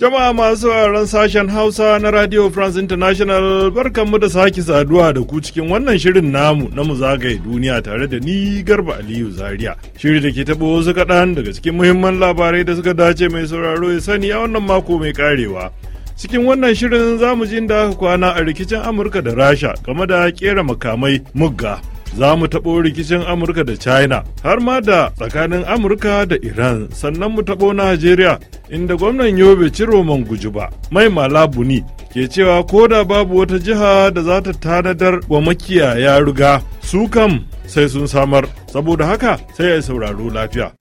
Jama'a masu sauraron sashen Hausa na Radio France International mu da sake saduwa da ku cikin wannan shirin namu na mu zagaye duniya tare da ni Garba Aliyu Zaria. Shiri da ke taɓo wasu kaɗan daga cikin muhimman labarai da suka dace mai sauraro ya sani a wannan mako mai karewa. Cikin wannan shirin zamu jin da aka kwana a rikicin Amurka da Rasha game da kera makamai mugga. za mu taɓo rikicin Amurka da China, har ma da tsakanin Amurka da Iran, sannan mu taɓo Najeriya, inda gwamnan Yobe Ciroman ba, mai Malabuni, ke cewa ko da babu wata jiha da za ta tanadar wa makiyaya riga, su kam sai sun samar, saboda haka sai a sauraro lafiya.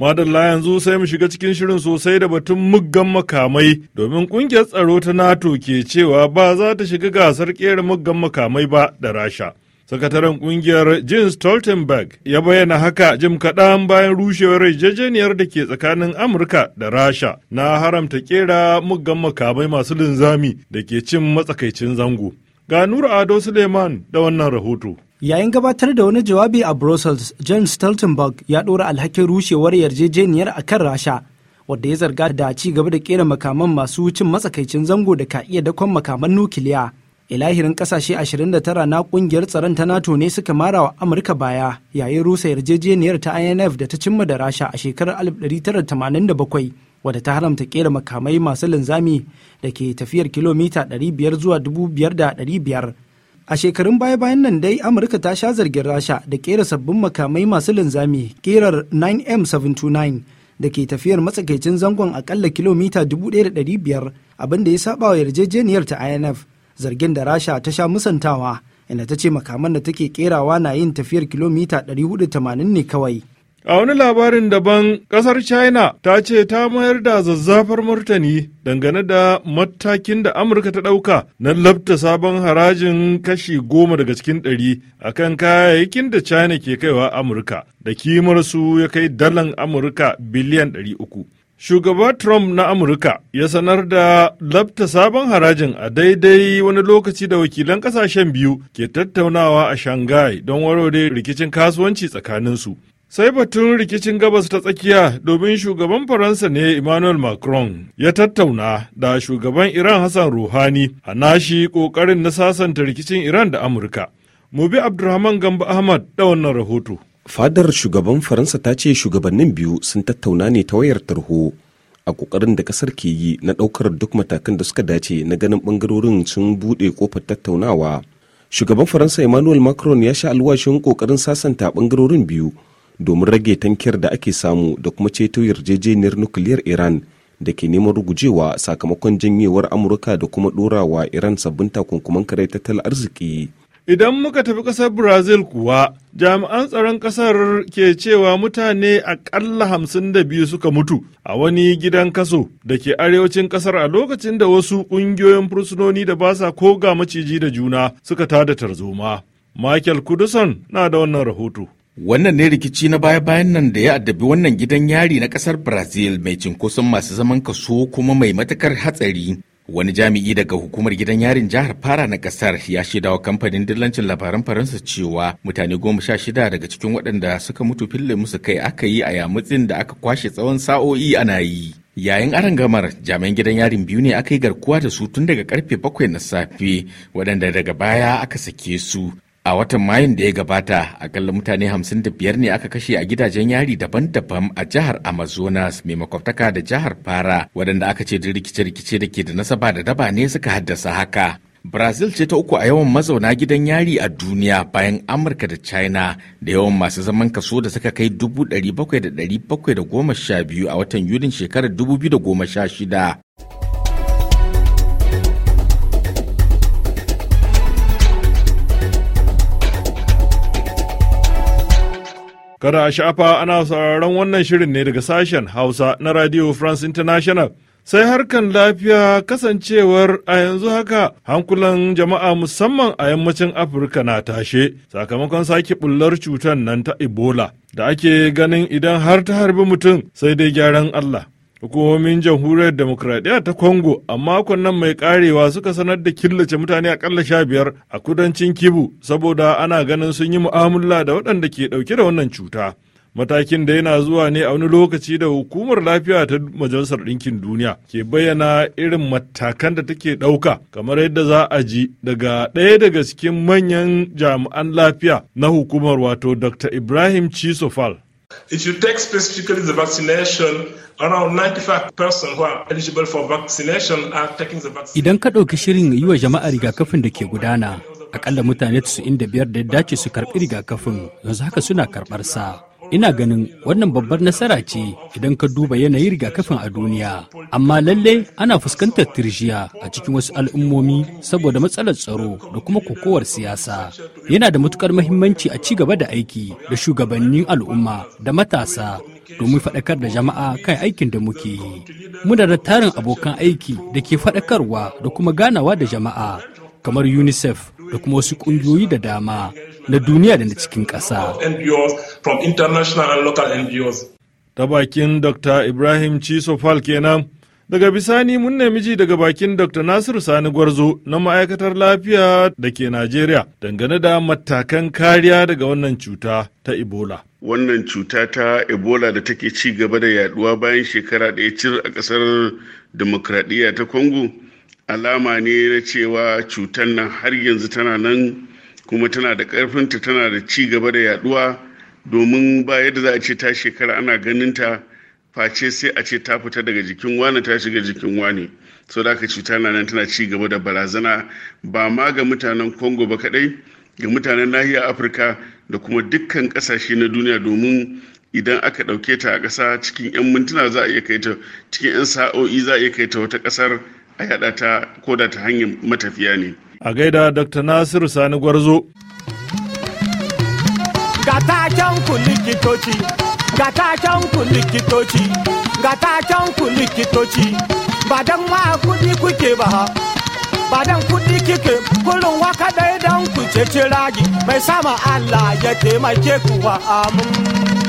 Madalla yanzu sai mu shiga cikin shirin sosai da batun muggan makamai domin kungiyar tsaro ta NATO ke cewa ba za ta shiga gasar kera muggan makamai ba da Rasha. Sakataren kungiyar Jens Stoltenberg ya bayyana haka jim kaɗan bayan rushewar yarjejeniyar da ke tsakanin Amurka da Rasha na haramta kera muggan makamai masu linzami da ke cin matsakaicin zango. Ga Nura Ado Suleiman da wannan rahoto. Yayin gabatar da wani jawabi a Brussels, John Stoltenberg ya ɗora alhakin rushewar yarjejeniyar a kan Rasha, wadda ya zarga da ci gaba da kera makaman masu cin matsakaicin zango da ka iya dakon makaman nukiliya. Ilahirin kasashe 29 na ƙungiyar tsaron ta NATO ne suka mara wa Amurka baya yayin rusa yarjejeniyar ta INF da ta cimma da Rasha a shekarar 1987. wadda ta haramta kera makamai masu linzami da ke tafiyar kilomita 500 zuwa 5,500 A shekarun baya-bayan nan dai Amurka ta sha zargin Rasha da kera sabbin makamai masu linzami kerar 9M729 da ke tafiyar matsakaicin zangon akalla kilomita 1,500 abinda ya saba wa yarjejeniyar ta INF zargin da Rasha ta sha musantawa inda ta ce makaman da take kerawa na yin tafiyar kilomita 480 ne kawai. A wani labarin daban, ƙasar China ta ce ta mayar da zazzafar martani dangane da matakin da Amurka ta ɗauka na labta sabon harajin kashi goma daga cikin ɗari a kan kayayyakin da China ke kaiwa Amurka, da kimarsu ya kai dalan Amurka biliyan ɗari uku. Shugaba Trump na Amurka ya sanar da labta sabon harajin a daidai wani lokaci da wakilan kasashen biyu ke tattaunawa a Shanghai don warware rikicin kasuwanci tsakaninsu. sai batun rikicin gabas ta tsakiya domin shugaban faransa ne emmanuel macron ya tattauna da shugaban iran hassan ruhani a nashi kokarin na sasanta rikicin iran da amurka mu bi abdulrahman gamba ahmad da wannan rahoto fadar shugaban faransa ta ce shugabannin biyu sun tattauna ne ta wayar tarho a kokarin da kasar ke yi na daukar duk matakan da suka dace na ganin bangarorin sun bude kofar tattaunawa shugaban faransa emmanuel macron ya sha alwashin kokarin sasanta bangarorin biyu domin rage tankiyar da ake samu da kuma ceto yarjejeniyar nukiliyar iran da ke neman rugujewa sakamakon janyewar amurka da kuma ɗorawa iran sabbin takunkuman kare tattalin arziki Idan muka tafi kasar Brazil kuwa, jami'an tsaron kasar ke cewa mutane aƙalla hamsin da biyu suka mutu a wani gidan kaso da ke arewacin kasar a lokacin da wasu ƙungiyoyin fursunoni da ba sa koga maciji da juna suka tada tarzoma. Michael Kuduson na da wannan rahoto. Wannan ne rikici na baya-bayan nan da ya addabi wannan gidan yari na kasar Brazil mai cinkoson masu zaman kaso kuma mai matakar hatsari. Wani jami'i daga hukumar gidan yarin jihar Fara na kasar ya wa kamfanin dillancin labaran Faransa cewa mutane goma sha shida daga cikin waɗanda suka mutu fille musu kai aka yi a yamutsin da aka kwashe tsawon sa'o'i ana yi. Yayin aron gamar jami'an gidan yarin biyu ne aka yi garkuwa da su tun daga karfe bakwai na safe waɗanda daga baya aka sake su a watan mayun da ya gabata akalla mutane 55 ne aka kashe a gidajen yari daban-daban a jihar amazonas mai makwabtaka da jihar fara waɗanda aka ce da rikice-rikice da ke da nasaba da daba ne suka haddasa haka brazil ce ta uku a yawan mazauna gidan yari a duniya bayan amurka da china da yawan masu zaman kaso da suka kai 700,712 a watan yulin shekarar 2016 Kada a sha'afa ana sauraron wannan shirin ne daga sashen Hausa na Radio France International. Sai harkan lafiya kasancewar a yanzu haka hankulan jama'a musamman a yammacin Afirka na tashe sakamakon sake bullar cutar nan ta Ebola da ake ganin idan har ta harbi mutum sai dai gyaran Allah. Hukumomin jamhuriyar demokradiyya ta Congo a makon nan mai karewa suka sanar da killace mutane akalla sha biyar a kudancin Kibu saboda ana ganin sun yi mu'amala da waɗanda ke ɗauke da wannan cuta. Matakin da yana zuwa ne a wani lokaci da hukumar lafiya ta Majalisar Ɗinkin Duniya ke bayyana irin matakan da take ɗauka kamar yadda za a ji daga ɗaya daga cikin manyan jami'an lafiya na hukumar wato Dr. Ibrahim Chisofal. If you take specifically the vaccination, around 95% who are eligible for vaccination are taking the vaccine. Idan ka ɗauki shirin yi wa jama'a rigakafin da ke gudana, akalla mutane 95 da ya dace su karɓi rigakafin yanzu haka suna karɓar sa. ina ganin wannan babbar nasara ce idan ka duba yanayin rigakafin a duniya amma lalle ana fuskantar tirjiya a cikin wasu al'ummomi saboda matsalar tsaro da kuma kokowar siyasa yana da matukar mahimmanci a ci gaba da aiki da shugabannin al'umma da matasa domin faɗakar da jama'a kan aikin da muke yi muna da tarin abokan aiki da ke faɗakarwa da kuma ganawa da jama'a kamar unicef da kuma wasu ƙungiyoyi da dama na duniya da na cikin ƙasa. Ta bakin Dr. Ibrahim Chisofal kenan. Daga bisani mun nemi ji daga bakin Dr. Nasiru Sani Gwarzo na ma'aikatar lafiya da ke Najeriya dangane da matakan kariya daga wannan cuta ta Ebola. Wannan cuta ta Ebola da take ci gaba da yaduwa bayan shekara ɗaya cir a ƙasar demokradiyya ta Congo alama ne na cewa cutar nan har yanzu tana nan kuma tana da ƙarfinta tana da ci gaba da yaduwa domin ba yadda za a ce ta shekara ana ganinta face sai a ce ta fita daga jikin wani ta shiga jikin wani sau da aka cuta na nan tana ci gaba da barazana ba ma ga mutanen congo ba kadai ga mutanen nahiyar afirka da kuma dukkan kasashe na duniya domin idan aka ɗauke ta a ƙasa cikin 'yan mintuna za a iya kai ta cikin 'yan sa'o'i za a iya kai ta wata ƙasar a yada ta koda ta hanyar matafiya ne. A gaida Dr. Nasiru Sani Gwarzo. Ga taken ku likitoci, ga taken ku likitoci, ku likitoci, ba dan ma kudi kuke ba Ba dan kudi kike kullum waka dai dan ku ce ragi mai sama Allah ya taimake ku wa amin.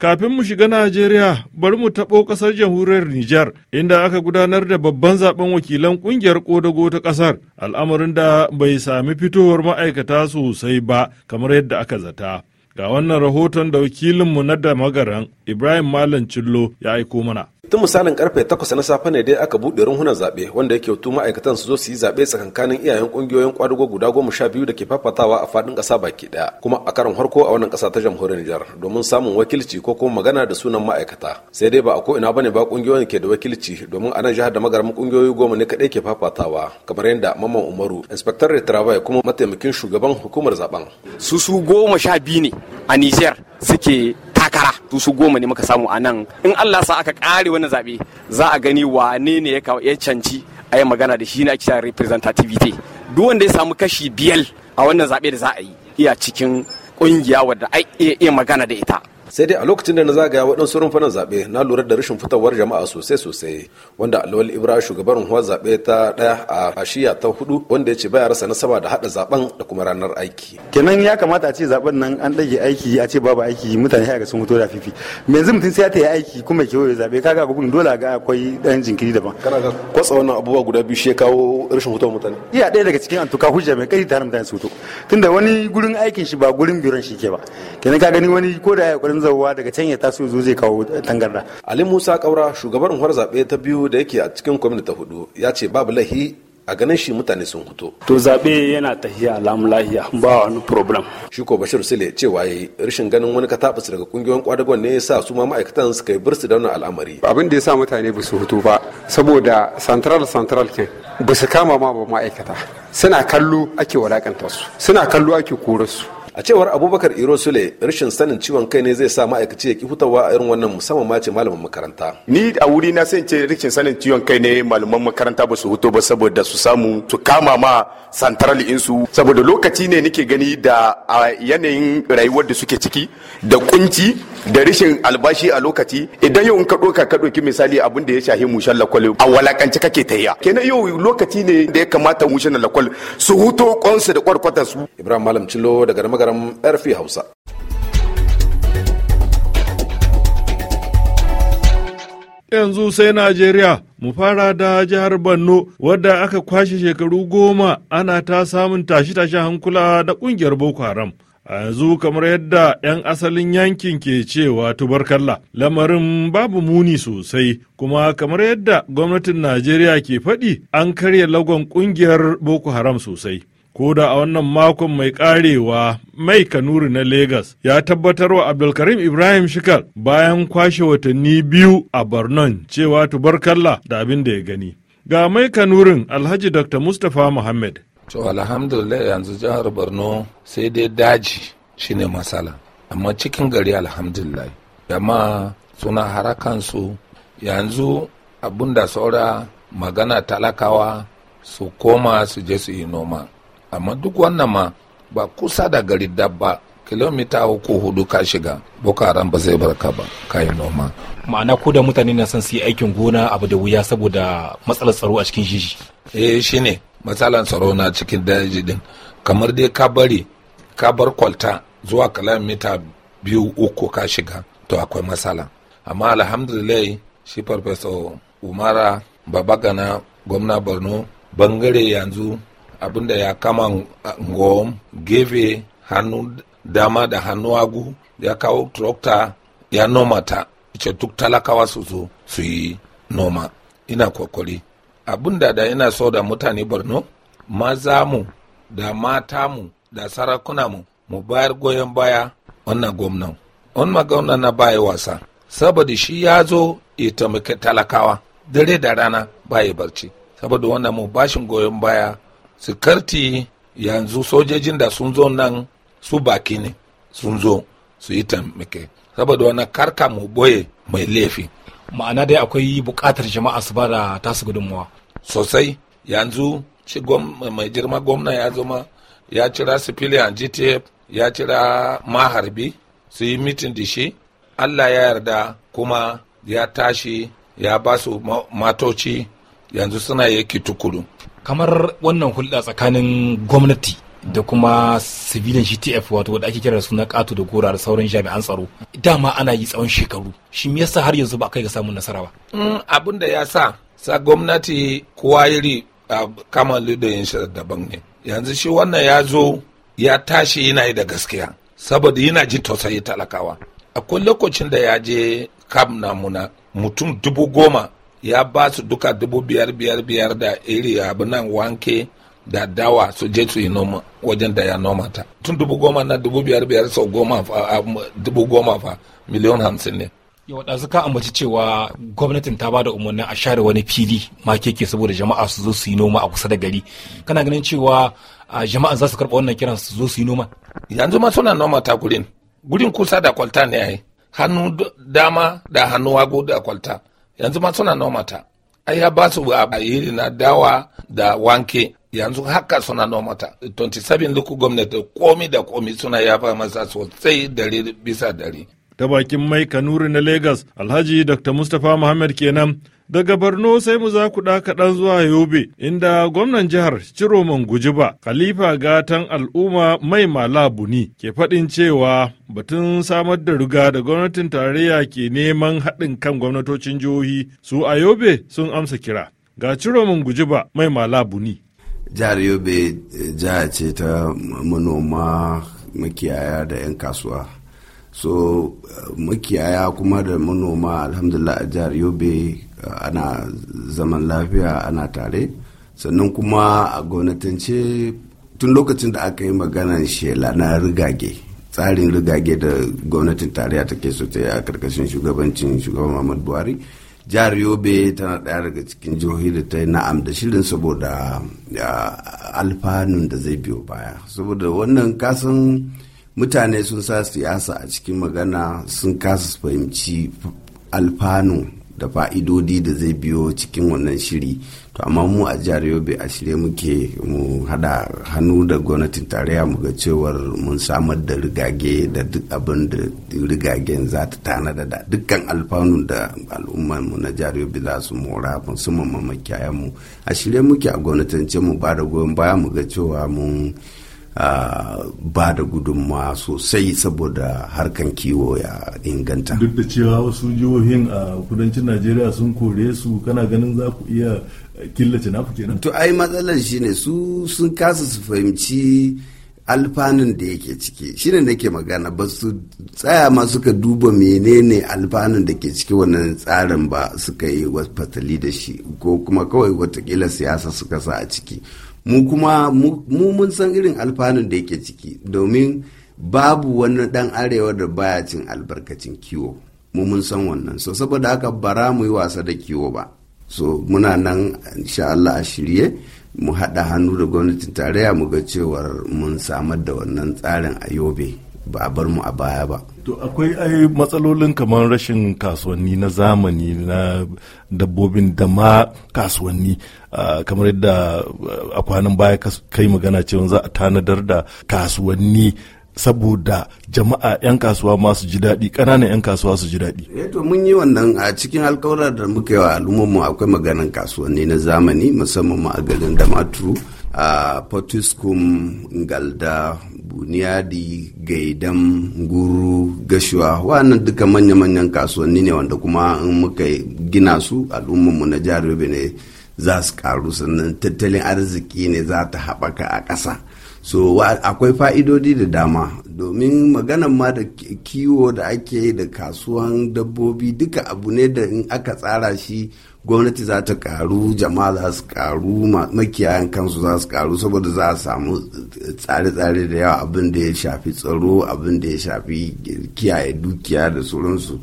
Kafin mu shiga Najeriya, bari mu taɓo ƙasar jamhuriyar Nijar, inda aka gudanar da babban zaben wakilan ƙungiyar ƙodago ta ƙasar, al'amarin da bai sami fitowar ma'aikata sosai ba, kamar yadda aka zata. Ga wannan rahoton da wakilinmu na da magaran Ibrahim Malam Cillo ya aiko mana. tun misalin karfe 8 na safe ne dai aka buɗe runhunan zaɓe wanda yake tu ma'aikatan su zo su yi zaɓe tsakankanin iyayen ƙungiyoyin kwadugo guda goma sha biyu da ke fafatawa a faɗin ƙasa baki ɗaya kuma a karon farko a wannan ƙasa ta jamhuriyar Nijar domin samun wakilci ko kuma magana da sunan ma'aikata sai dai ba a ko ina ne ba ƙungiyoyin ke da wakilci domin anan jihar da magaramin ƙungiyoyi goma ne kaɗai ke fafatawa kamar yadda Mamman Umaru inspector da Travail kuma mataimakin shugaban hukumar zaben su su goma sha biyu ne a Nijar suke takara to su goma ne muka samu a nan in Allah sa aka kare wannan zabe za a gani wane ne ya canci a yi magana da shi ne ake cewa representativity duk wanda ya samu kashi biyar a wannan zabe da za a yi iya cikin kungiya wadda ai iya magana da ita sai dai a lokacin da na zagaya waɗansu rumfunan zaɓe na lura da rashin fitowar jama'a sosai sosai wanda alwal ibra shugaban huwa zaɓe ta ɗaya a ashiya ta hudu wanda ya ce baya rasa nasaba da haɗa zaben da kuma ranar aiki kenan ya kamata a ce zaben nan an ɗage aiki a ce babu aiki mutane ya ga sun fito da fifi yanzu mutum sai ya ta yi aiki kuma kewaye zaɓe kaga gugun dole ga akwai ɗan jinkiri daban kana ga kwatsa wannan abubuwa guda biyu shi ya kawo rashin fitowar mutane iya ɗaya daga cikin antuka hujja mai kai tare mutane su fito tunda wani gurin aikin shi ba gurin biron shi ke ba kenan ka gani wani ko da ya canzawa daga can ya taso zo zai kawo tangarda ali musa kaura shugaban hukumar zaɓe ta biyu da yake a cikin kwamiti ta hudu ya ce babu lahi a ganin shi mutane sun fito. To zaɓe yana tahiya lamu lahiya ba wani problem. Shuko Bashir Sule cewa yayi rashin ganin wani katabus daga kungiyoyin kwadagon ne ya sa su ma ma'aikatan su kai birsu da wannan al'amari. Abin da ya sa mutane ba su fito ba saboda central central ke ba su kama ma ba ma'aikata suna kallo ake walakanta su suna kallo ake kora su a cewar abubakar iro sule rashin sanin ciwon kai ne zai sa ma'aikaci ya ki hutawa a irin wannan musamman ma ce malaman makaranta ni a wuri na sai ce rashin sanin ciwon kai ne malaman makaranta ba su huto ba saboda su samu su kama ma santaral insu saboda lokaci ne nake gani da a yanayin rayuwar da suke ciki da kunci da rishin albashi a lokaci idan yau in ka ɗauka ka ɗauki misali abin da ya shahi mushen lakwal a walakance kake tayya kenan yau lokaci ne da ya kamata mushen lakwal su huto kwansu da kwarkwata su ibrahim malam cillo daga magaram rfi hausa yanzu sai Najeriya mu fara da jihar Borno wadda aka kwashe shekaru goma ana ta samun tashi-tashi hankula da kungiyar Boko Haram. a yanzu kamar yadda 'yan asalin yankin ke cewa tubarkalla lamarin babu muni sosai kuma kamar yadda gwamnatin najeriya ke faɗi an karya lagon ƙungiyar boko haram sosai ko da a wannan makon mai karewa mai kanuri na Legas ya tabbatar wa Abdulkarim Ibrahim Shikal bayan kwashe watanni biyu a Barnon cewa tubarkalla da abin da ya gani. Ga mai kanurin Alhaji Dr. Mustapha Muhammad to alhamdulillah yanzu jihar borno sai dai daji shine matsala amma cikin gari alhamdulillah jama'a suna harakansu yanzu abun da saura magana talakawa su koma su je su yi noma amma duk wannan ma ba kusa da gari dabba kilomita uku hudu ka shiga boko haram ba zai barka ba ka yi noma ma'ana ko da mutane na son su yi aikin gona abu da wuya saboda matsalar tsaro a cikin shi eh shine matsalan tsaro na cikin daji din kamar dai ka bari ka bar kwalta zuwa kalan kilomita biyu uku ka shiga to akwai matsala amma alhamdulillah shi farfesa umara babagana gwamna borno bangare yanzu abinda ya kama ngom gefe hannu dama da hannu agu ya kawo trokta ya nomata ta duk talakawa su zo su yi noma ina kwakwari abin da da ina so da mutane borno maza mu da mata mu da sarakuna mu mu bayar goyon baya wannan gwamnan wannan gwamnan na baya wasa saboda shi ya zo ya taimaki talakawa dare da rana baya barci saboda wannan mu bashin goyon baya su karti yanzu sojojin da sun zo nan su baki ne sun zo su yi taimake saboda wani karka mu boye mai laifi ma'ana dai akwai bukatar jama'a su ba da tasu gudunmuwa sosai yanzu shi mai girma gwamna ya zama ya cira civilian gtf ya cira maharbi su yi mitin da shi allah ya yarda kuma ya tashi ya ba su matoci yanzu suna yake tukuru kamar wannan hulɗa tsakanin gwamnati da kuma civilian gtf wato da ake kira suna kato da gora da sauran jami'an tsaro dama ana yi tsawon shekaru shi me yasa har yanzu ba kai ga samun nasara ba mm, abin da ya sa sa gwamnati kowa iri a kama lidoyin shi daban ne yanzu shi wannan ya zo ya tashi yana yi da gaskiya saboda yana ji tausayi talakawa akwai lokacin da ya je kam namuna mutum dubu goma ya ba su duka dubu biyar biyar biyar da iri abu nan wanke da dawa su je su yi noma wajen da ya noma ta tun dubu goma na dubu biyar biyar sau goma fa dubu goma fa miliyon hamsin ne ya da suka ambaci cewa gwamnatin ta bada umarnin a share wani fili ma keke saboda jama'a su zo su yi noma a kusa da gari kana ganin cewa jama'a za su karɓa wannan kiran su zo su yi noma yanzu ma suna noma ta gurin gurin kusa da kwalta ne ai hannu dama da hannu hagu da kwalta yanzu ma suna noma ta ai ya ba su a iri na dawa da wanke yanzu haka suna noma ta 27 local gwamnati komi da komi suna yafa masa sosai dare bisa dare ta bakin mai kanuri na Legas Alhaji Dr. Mustapha Muhammad kenan. Daga Borno sai mu za ku kaɗan zuwa Yobe, inda gwamnan jihar Ciroman Gujiba, Khalifa Gatan Al'umma Mai Malabuni ke faɗin cewa batun samar da riga da gwamnatin tarayya ke neman haɗin kan gwamnatocin jihohi su a Yobe sun amsa kira. Ga Ciroman Gujiba Mai Malabuni. Jihar Yobe eh, jiha ce ta manoma makiyaya da 'yan kasuwa. so makiyaya kuma da manoma alhamdulillah a jihar yobe uh, ana zaman lafiya ana tare sannan kuma a gwamnatance tun lokacin da aka yi maganan shela na rigage tsarin rigage da gwamnatin tarayya take ke sote a karkashin shugabancin shugaban muhammadu buhari jihar yobe tana daya daga cikin jihohi da ta yi na'am da shirin saboda uh, alfanun da zai biyo baya saboda wannan kasan mutane sun sa siyasa a cikin magana sun kasa fahimci alfanu da fa'idodi da zai biyo cikin wannan shiri to amma mu a jihar yobe a shirye muke mu hada hannu da gwamnatin tarayya mu ga cewar mun samar da rigage da duk abin da rigagen za ta tanada da dukkan alfanu da al'ummar mu na jihar yobe za su mora musamman mamakiyayen mu a shirye muke a gwamnatance mu ba da goyon baya mu ga cewa mun ba da gudunmawa sosai saboda harkan kiwo ya inganta duk da cewa wasu jihohin a kudancin najeriya sun kore su kana ganin za ku iya killace naku kenan to ai matsalar shine su sun kasa su fahimci alfanun da yake ciki shine nake magana ba su tsaya ma suka duba menene alfanun da ke ciki wannan tsarin ba suka yi fatali da shi ko kuma kawai watakila siyasa suka sa a ciki mu kuma mu mun san irin alfanun da yake ciki domin babu wani dan arewa da baya cin albarkacin kiwo mu mun san wannan so saboda haka bara mu yi wasa da kiwo ba so muna nan insha Allah a shirye mu haɗa hannu da gwamnatin tarayya mu ga cewar mun samar da wannan tsarin a yobe ba a bar mu a baya ba to akwai ai matsalolin kamar rashin kasuwanni na zamani na dabbobin da ma kasuwanni kamar yadda a kwanan baya kai magana cewa za a tanadar da kasuwanni saboda jama'a 'yan kasuwa masu ji daɗi ƙananan 'yan kasuwa su ji daɗi. Eh to mun yi wannan a cikin alkawarar da muka yi wa al'ummarmu akwai maganan kasuwanni na zamani musamman ma a garin damaturu a potiskum galda buniyadi gaidan guru gashuwa wannan duka manya-manyan kasuwanni ne wanda kuma in muka gina su al'ummanmu na jihar za su karu sannan tattalin arziki ne za ta haɓaka a ƙasa so akwai fa'idodi da dama domin maganan ma da kiwo da ake yi da kasuwan dabbobi duka abu ne da in aka tsara shi gwamnati za ta karu jama'a za su karu makiyayan kansu za su karu saboda za a samu tsare-tsare da yawa abin da ya shafi tsaro abin da ya shafi kiyaye dukiya da sauransu.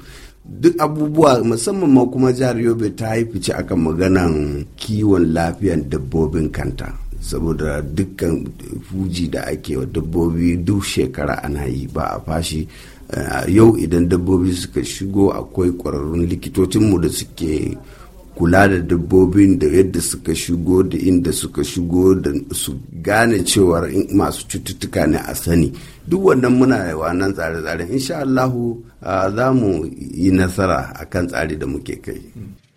duk abubuwa musamman ma kuma jihar yobe ta haifi ci akan maganan kiwon lafiyan dabbobin kanta saboda dukkan fuji da ake wa dabbobi duk shekara ana yi ba a fashi eh, yau idan dabbobi suka shigo akwai kwararrun likitocinmu da suke kula da dabbobin da yadda suka shigo da inda suka shigo da su gane cewar masu cututtuka ne a sani duk wannan muna wannan tsare-tsare insha Allahu za mu yi nasara a kan tsari da muke kai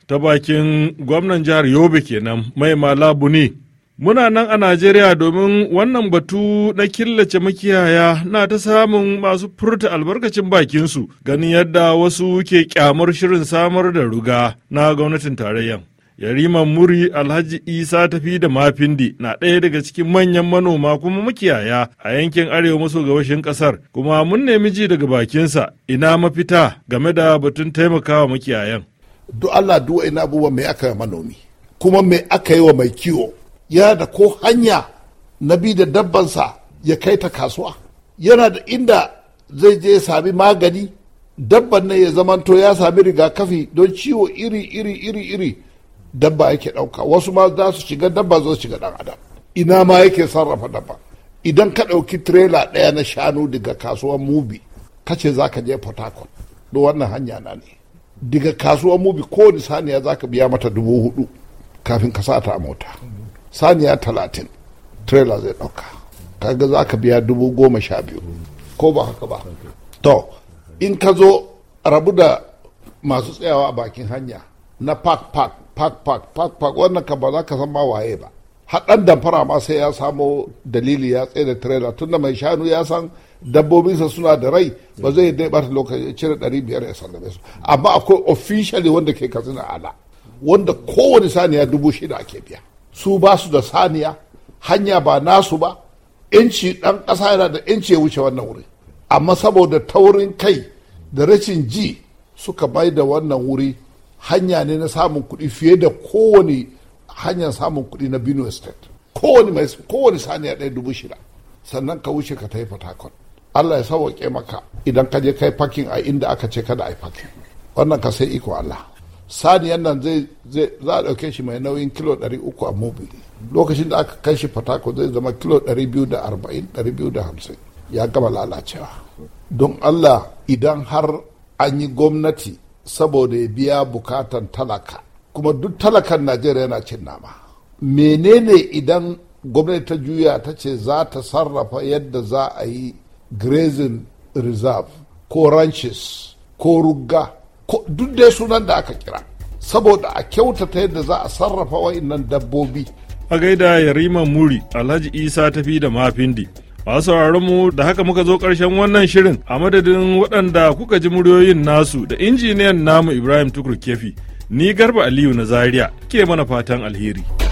ta bakin gwamnan jihar yobe kenan mai malabu ne Muna nan a Najeriya domin wannan batu na killace makiyaya na ta samun masu furta albarkacin bakinsu ganin yadda wasu ke kyamar shirin samar da ruga na gwamnatin tarayyan. Yariman Muri Alhaji Isa tafi da Mafindi na ɗaya daga cikin manyan manoma kuma makiyaya a yankin arewa maso gabashin ƙasar kuma mun nemi ji daga bakinsa ina mafita game da batun taimakawa makiyayan. Duk Allah duwa ina abubuwa mai aka manomi kuma mai aka yi wa mai kiwo yana da ko hanya na bi da dabbansa ya kai ta kasuwa yana da inda zai je sami magani dabban nan ya zamanto ya sami rigakafi don ciwo iri iri iri iri dabba yake ɗauka wasu ma za su shiga dabba za su shiga ɗan adam ina ma yake sarrafa dabba idan ka ɗauki tirela ɗaya na shanu daga kasuwar mubi kace za ka je port harcourt wannan hanya na ne daga kasuwar mubi kowane saniya za ka biya mata dubu hudu kafin ka sata a mota saniya talatin trailer zai ɗauka kaga za ka biya dubu goma sha biyu ko ba haka ba to in ka zo rabu da masu tsayawa a bakin hanya na park park park park park park wannan ka ba za ka san ma waye ba haɗan damfara ma sai ya samo dalili ya tsaye da trailer tunda mai shanu ya san dabbobinsa suna da rai ba zai yi ɓata lokaci ya cire ɗari biyar ya sallame su amma akwai ofishali wanda ke katsina ala wanda kowane saniya dubu shida ake biya su ba su da saniya hanya ba nasu ba yanci ɗan ƙasa yana da yanci ya wuce wannan wuri amma saboda taurin kai da rashin ji suka bai da wannan wuri hanya ne na samun kuɗi fiye da kowane hanyar samun kuɗi na benue state kowane mai kowane saniya ɗaya dubu shida sannan ka wuce ka tafi takon allah ya sauwaƙe maka idan ka je kai fakin a inda aka ce kada a yi pakin wannan ka sai iko allah saniyan nan zai za a ɗauke shi mai nauyin kilo 300 a mobi lokacin da aka kai shi fatako zai zama kilo 240-250 ya gama lalacewa don allah idan har an yi gwamnati saboda ya biya bukatan talaka kuma duk talakan najeriya yana cin nama menene idan gwamnati ta juya ta ce za ta sarrafa yadda za a yi grazing reserve ko ranches ko rugga duk dai sunan da aka kira saboda a kyautata yadda za a sarrafa wa'innan dabbobi a gaida yariman muri alhaji isa tafi da mafindi a sauraron mu da haka muka zo karshen wannan shirin a madadin waɗanda kuka ji muryoyin nasu da injiniyan namu ibrahim tukur kefi ni garba aliyu na zaria ke mana fatan alheri